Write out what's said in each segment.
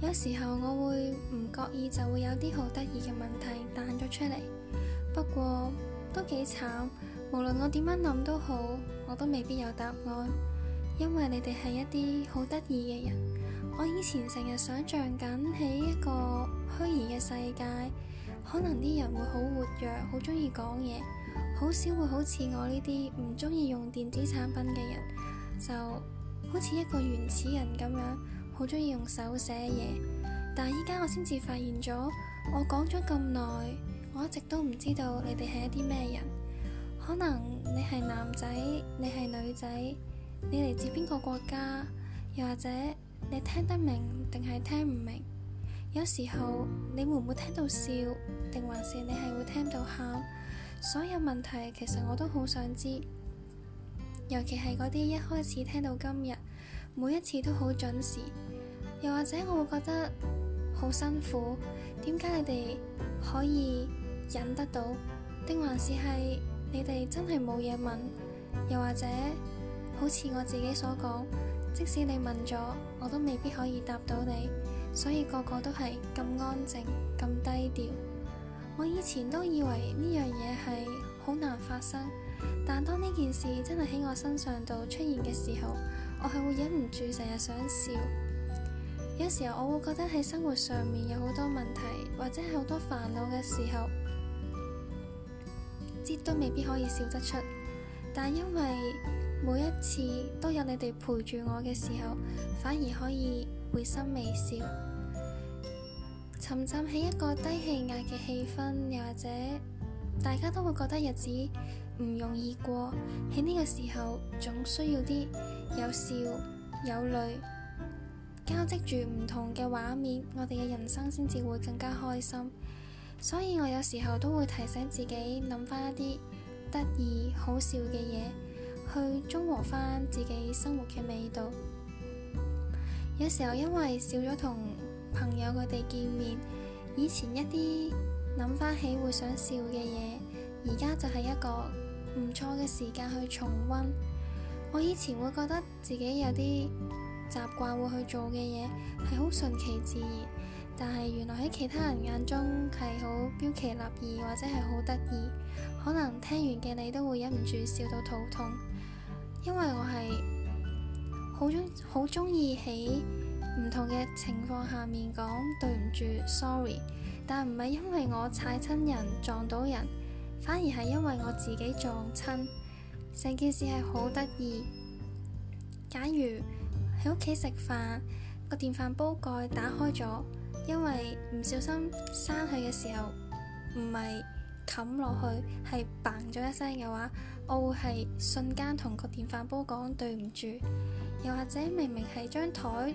有時候我會唔覺意就會有啲好得意嘅問題彈咗出嚟，不過都幾慘。無論我點樣諗都好，我都未必有答案，因為你哋係一啲好得意嘅人。我以前成日想象緊喺一個虛擬嘅世界，可能啲人會好活躍，好中意講嘢，好少會好似我呢啲唔中意用電子產品嘅人，就好似一個原始人咁樣。好中意用手寫嘢，但係依家我先至發現咗，我講咗咁耐，我一直都唔知道你哋係一啲咩人。可能你係男仔，你係女仔，你嚟自邊個國家，又或者你聽得明定係聽唔明？有時候你會唔會聽到笑，定還是你係會聽到喊？所有問題其實我都好想知，尤其係嗰啲一開始聽到今日，每一次都好準時。又或者我會覺得好辛苦，點解你哋可以忍得到？定還是係你哋真係冇嘢問？又或者好似我自己所講，即使你問咗，我都未必可以答到你，所以個個都係咁安靜、咁低調。我以前都以為呢樣嘢係好難發生，但當呢件事真係喺我身上度出現嘅時候，我係會忍唔住成日想笑。有時候我會覺得喺生活上面有好多問題，或者係好多煩惱嘅時候，皆都未必可以笑得出。但因為每一次都有你哋陪住我嘅時候，反而可以會心微笑。沉浸喺一個低氣壓嘅氣氛，又或者大家都會覺得日子唔容易過。喺呢個時候，總需要啲有笑有淚。交織住唔同嘅畫面，我哋嘅人生先至會更加開心。所以我有時候都會提醒自己諗翻一啲得意好笑嘅嘢，去中和翻自己生活嘅味道。有時候因為少咗同朋友佢哋見面，以前一啲諗翻起會想笑嘅嘢，而家就係一個唔錯嘅時間去重温。我以前會覺得自己有啲。習慣會去做嘅嘢係好順其自然，但係原來喺其他人眼中係好標奇立異，或者係好得意。可能聽完嘅你都會忍唔住笑到肚痛，因為我係好中好中意喺唔同嘅情況下面講對唔住，sorry，但唔係因為我踩親人撞到人，反而係因為我自己撞親，成件事係好得意。假如。喺屋企食飯，個電飯煲蓋打開咗，因為唔小心閂佢嘅時候，唔係冚落去，係嘭咗一聲嘅話，我會係瞬間同個電飯煲講對唔住。又或者明明係張台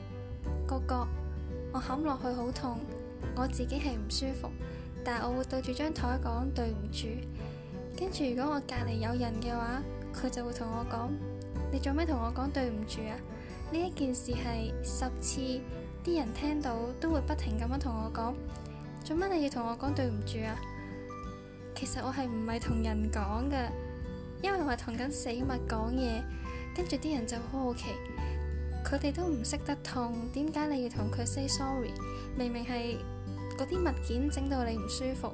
個角，我冚落去好痛，我自己係唔舒服，但我會對住張台講對唔住。跟住如果我隔籬有人嘅話，佢就會同我講：你做咩同我講對唔住啊？呢一件事係十次啲人聽到都會不停咁樣同我講做乜你要同我講對唔住啊？其實我係唔係同人講㗎，因為我係同緊死物講嘢，跟住啲人就好好奇，佢哋都唔識得痛，點解你要同佢 say sorry？明明係嗰啲物件整到你唔舒服，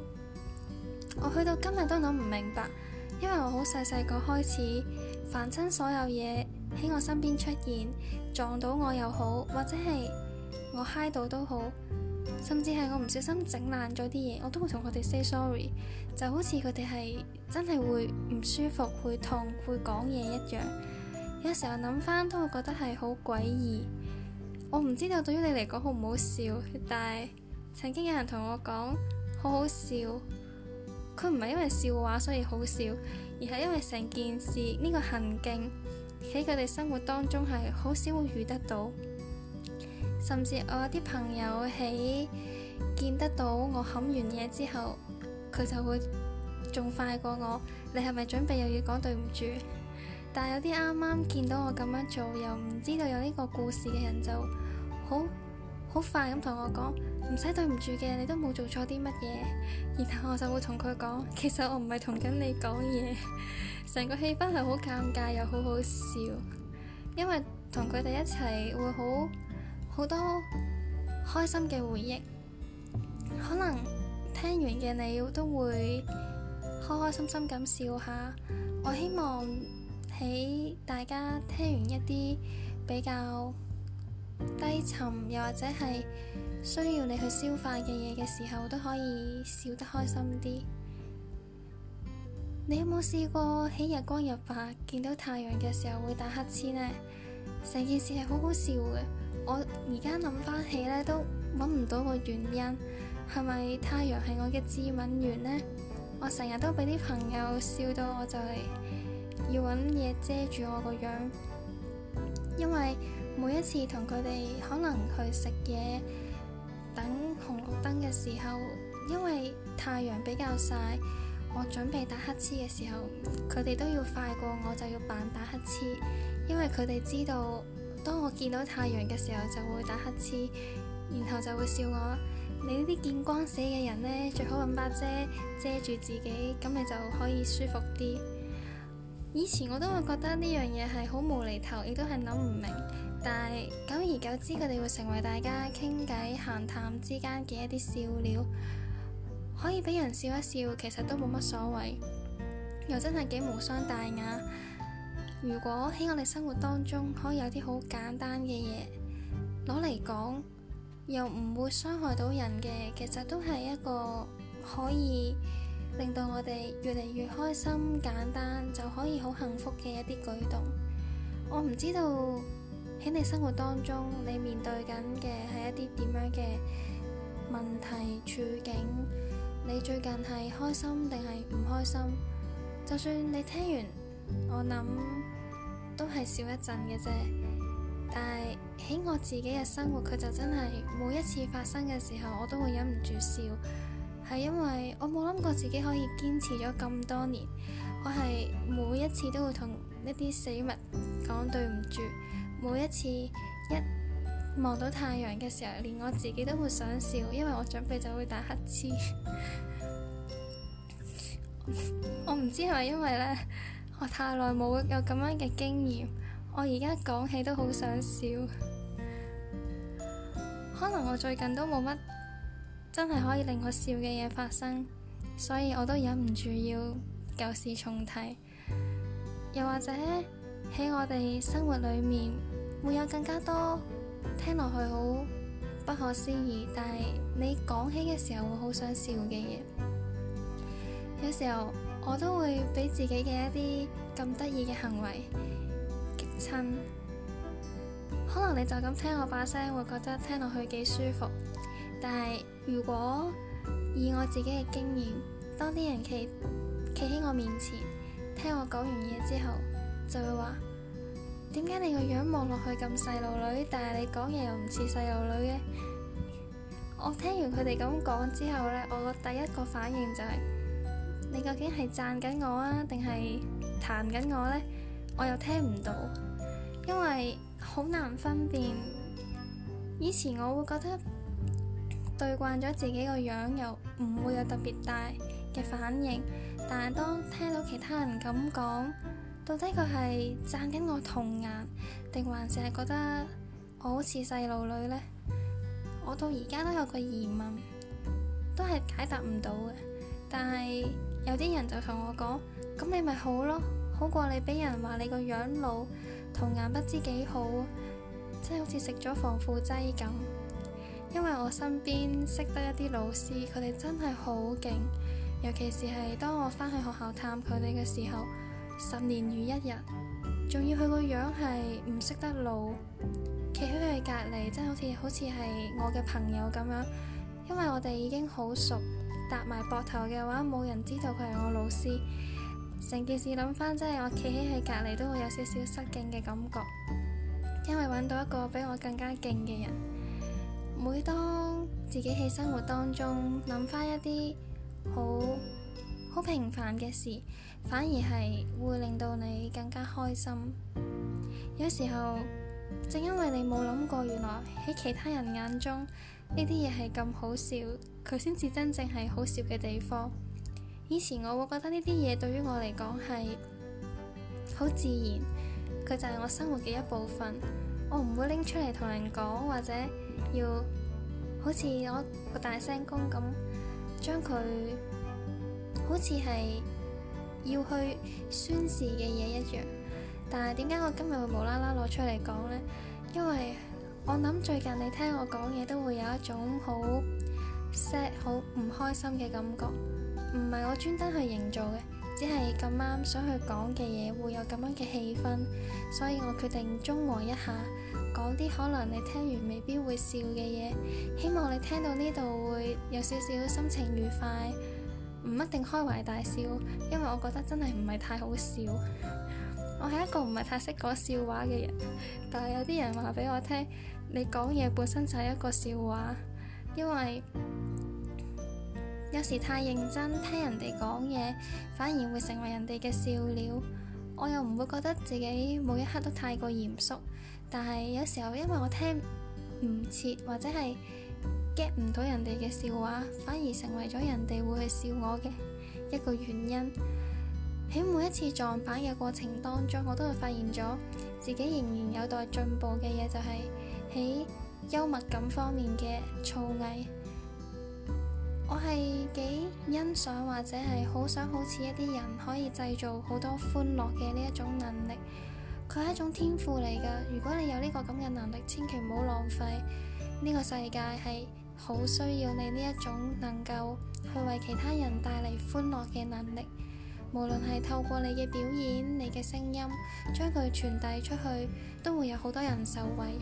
我去到今日都諗唔明白，因為我好細細個開始，凡親所有嘢喺我身邊出現。撞到我又好，或者係我嗨到都好，甚至係我唔小心整爛咗啲嘢，我都會同佢哋 say sorry。就好似佢哋係真係會唔舒服、會痛、會講嘢一樣。有時候諗翻都會覺得係好詭異。我唔知道對於你嚟講好唔好笑，但係曾經有人同我講好好笑。佢唔係因為笑話所以好笑，而係因為成件事呢個行徑，喺佢哋生活當中係好少會遇得到，甚至我有啲朋友喺見得到我冚完嘢之後，佢就會仲快過我。你係咪準備又要講對唔住？但係有啲啱啱見到我咁樣做，又唔知道有呢個故事嘅人就好。哦好快咁同我講，唔使對唔住嘅，你都冇做錯啲乜嘢。然後我就會同佢講，其實我唔係同緊你講嘢，成個氣氛係好尷尬又好好笑，因為同佢哋一齊會好好多開心嘅回憶，可能聽完嘅你都會開開心心咁笑下。我希望喺大家聽完一啲比較。低沉，又或者係需要你去消化嘅嘢嘅時候，都可以笑得開心啲。你有冇試過喺日光日白見到太陽嘅時候會打乞嗤呢？成件事係好好笑嘅。我而家諗翻起呢，都揾唔到個原因，係咪太陽係我嘅致敏源呢？我成日都俾啲朋友笑到，我就係要搵嘢遮住我個樣，因為。每一次同佢哋可能去食嘢，等紅綠燈嘅時候，因為太陽比較曬，我準備打乞嗤嘅時候，佢哋都要快過我就要扮打乞嗤，因為佢哋知道當我見到太陽嘅時候就會打乞嗤，然後就會笑我，你呢啲見光死嘅人呢，最好搵把遮遮住自己，咁你就可以舒服啲。以前我都會覺得呢樣嘢係好無厘頭，亦都係諗唔明。但係久而久之，佢哋會成為大家傾偈閒談之間嘅一啲笑料，可以俾人笑一笑，其實都冇乜所謂，又真係幾無傷大雅。如果喺我哋生活當中可以有啲好簡單嘅嘢攞嚟講，又唔會傷害到人嘅，其實都係一個可以令到我哋越嚟越開心、簡單就可以好幸福嘅一啲舉動。我唔知道。喺你生活當中，你面對緊嘅係一啲點樣嘅問題處境？你最近係開心定係唔開心？就算你聽完，我諗都係笑一陣嘅啫。但係喺我自己嘅生活，佢就真係每一次發生嘅時候，我都會忍唔住笑，係因為我冇諗過自己可以堅持咗咁多年。我係每一次都會同一啲死物講對唔住。每一次一望到太陽嘅時候，連我自己都會想笑，因為我準備就會打乞嗤。 我唔知係咪因為咧，我太耐冇有咁樣嘅經驗，我而家講起都好想笑。可能我最近都冇乜真係可以令我笑嘅嘢發生，所以我都忍唔住要舊事重提，又或者喺我哋生活裏面。會有更加多聽落去好不可思議，但係你講起嘅時候會好想笑嘅嘢。有時候我都會俾自己嘅一啲咁得意嘅行為激親。可能你就咁聽我把聲，會覺得聽落去幾舒服。但係如果以我自己嘅經驗，當啲人企企喺我面前，聽我講完嘢之後，就會話。點解你個樣望落去咁細路女，但係你講嘢又唔似細路女嘅？我聽完佢哋咁講之後呢，我第一個反應就係，你究竟係讚緊我啊，定係彈緊我呢？我又聽唔到，因為好難分辨。以前我會覺得對慣咗自己個樣，又唔會有特別大嘅反應，但係當聽到其他人咁講。到底佢係讚緊我童顏，定還是係覺得我好似細路女呢？我到而家都有個疑問，都係解答唔到嘅。但係有啲人就同我講：「咁你咪好咯，好過你俾人話你個樣老，童顏不知幾好，真係好似食咗防腐劑咁。」因為我身邊識得一啲老師，佢哋真係好勁，尤其是係當我返去學校探佢哋嘅時候。十年如一日，仲要佢個樣係唔識得老，企喺佢隔籬，真係好似好似係我嘅朋友咁樣。因為我哋已經好熟，搭埋膊頭嘅話，冇人知道佢係我老師。成件事諗翻，真係我企起喺隔籬，都會有少少失敬嘅感覺。因為搵到一個比我更加勁嘅人，每當自己喺生活當中諗翻一啲好。好平凡嘅事，反而係會令到你更加開心。有時候，正因為你冇諗過，原來喺其他人眼中呢啲嘢係咁好笑，佢先至真正係好笑嘅地方。以前我會覺得呢啲嘢對於我嚟講係好自然，佢就係我生活嘅一部分，我唔會拎出嚟同人講，或者要好似我個大聲公咁將佢。好似係要去宣示嘅嘢一樣，但係點解我今日會無啦啦攞出嚟講呢？因為我諗最近你聽我講嘢都會有一種好 sad、好唔開心嘅感覺，唔係我專登去營造嘅，只係咁啱想去講嘅嘢會有咁樣嘅氣氛，所以我決定中和一下，講啲可能你聽完未必會笑嘅嘢，希望你聽到呢度會有少少心情愉快。唔一定開懷大笑，因為我覺得真係唔係太好笑。我係一個唔係太識講笑話嘅人，但係有啲人話俾我聽，你講嘢本身就係一個笑話，因為有時太認真聽人哋講嘢，反而會成為人哋嘅笑料。我又唔會覺得自己每一刻都太過嚴肅，但係有時候因為我聽唔切或者係，get 唔到人哋嘅笑話，反而成為咗人哋會去笑我嘅一個原因。喺每一次撞板嘅過程當中，我都係發現咗自己仍然有待進步嘅嘢，就係、是、喺幽默感方面嘅造詣。我係幾欣賞或者係好想好似一啲人可以製造好多歡樂嘅呢一種能力。佢係一種天賦嚟㗎，如果你有呢個咁嘅能力，千祈唔好浪費呢、這個世界係，好需要你呢一種能夠去為其他人帶嚟歡樂嘅能力，無論係透過你嘅表演，你嘅聲音將佢傳遞出去，都會有好多人受惠。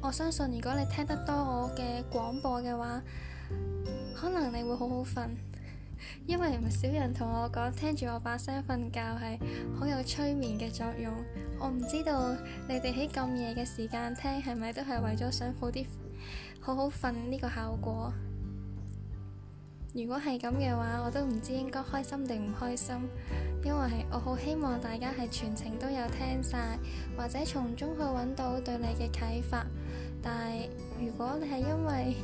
我相信如果你聽得多我嘅廣播嘅話，可能你會好好瞓，因為唔少人同我講聽住我把聲瞓覺係好有催眠嘅作用。我唔知道你哋喺咁夜嘅時間聽係咪都係為咗想好啲。好好瞓呢個效果。如果係咁嘅話，我都唔知應該開心定唔開心，因為我好希望大家係全程都有聽晒，或者從中去揾到對你嘅啟發。但係如果你係因為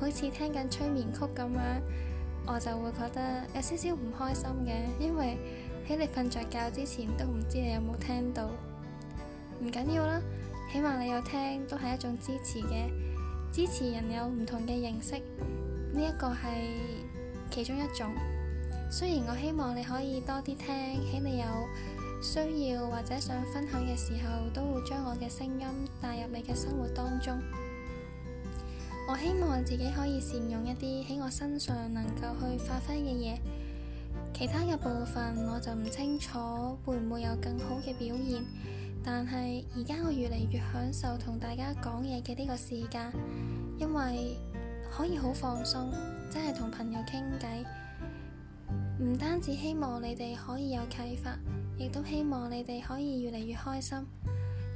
好似聽緊催眠曲咁樣，我就會覺得有少少唔開心嘅，因為喺你瞓着覺之前都唔知你有冇聽到。唔緊要啦，起碼你有聽都係一種支持嘅。支持人有唔同嘅形式，呢一個係其中一種。雖然我希望你可以多啲聽，喺你有需要或者想分享嘅時候，都會將我嘅聲音帶入你嘅生活當中。我希望自己可以善用一啲喺我身上能夠去發揮嘅嘢，其他嘅部分我就唔清楚會唔會有更好嘅表現。但係而家我越嚟越享受同大家講嘢嘅呢個時間，因為可以好放鬆，真係同朋友傾偈。唔單止希望你哋可以有啟發，亦都希望你哋可以越嚟越開心。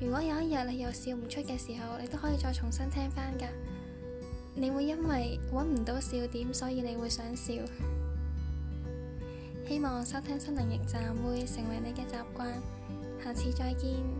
如果有一日你又笑唔出嘅時候，你都可以再重新聽翻噶。你會因為揾唔到笑點，所以你會想笑。希望收聽心靈驛站會成為你嘅習慣，下次再見。